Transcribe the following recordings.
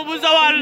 Sango bu Zawal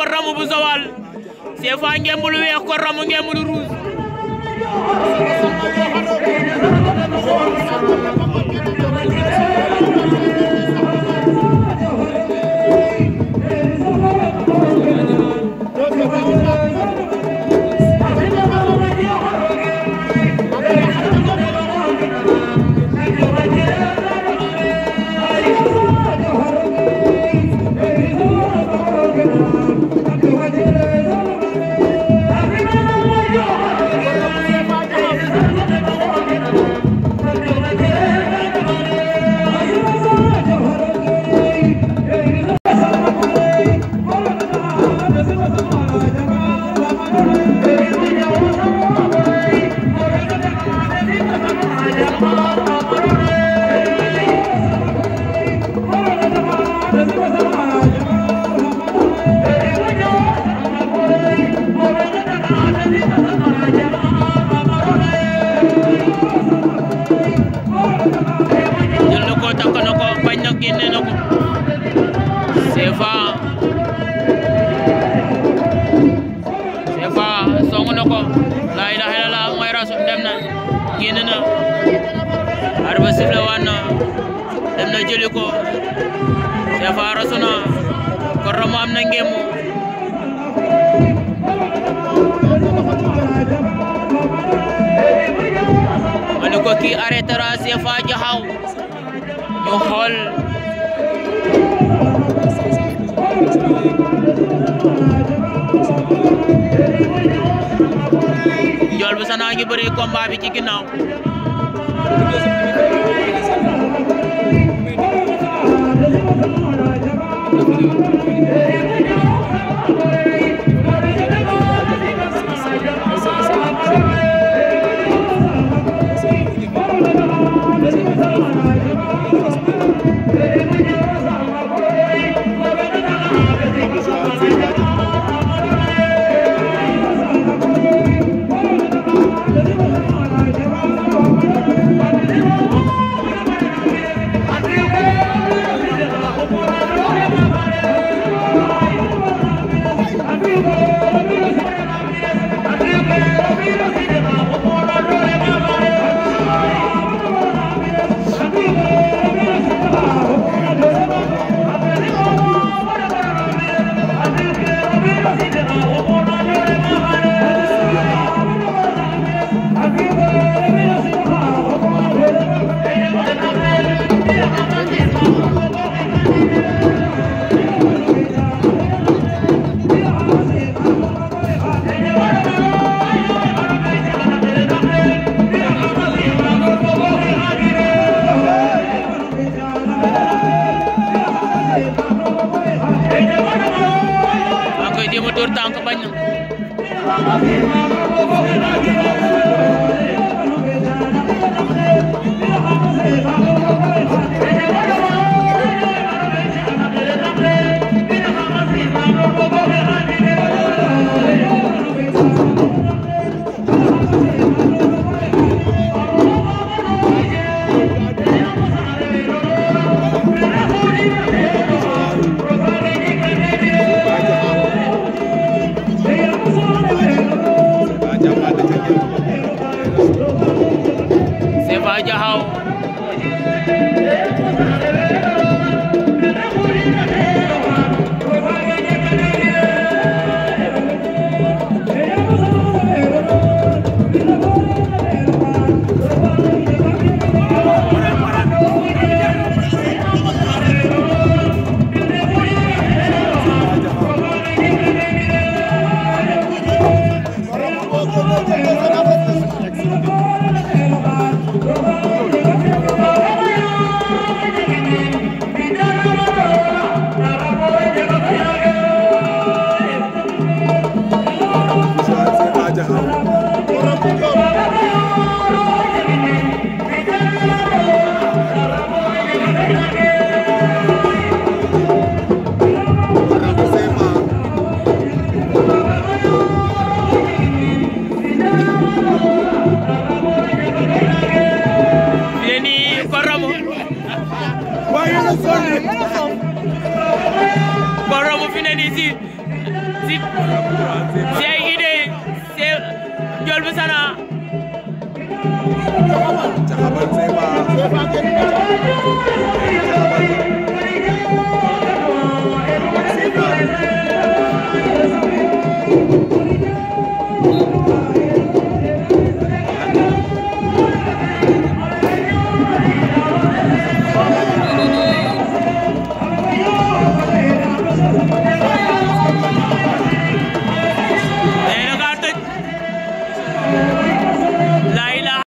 ko ramu bu Joal ko ramu ngemb lu rouge Bourassoum ko Tapha rasu ma ne ko kii arrêté ra Tapha Diakhao ñu Bébé Sana ngi bëree combat bi ci jéem a dóor tànk bañ na sonn Barrow bu fi ne nii si si si ay idée si Ndiol bu Sana caxabal caxabal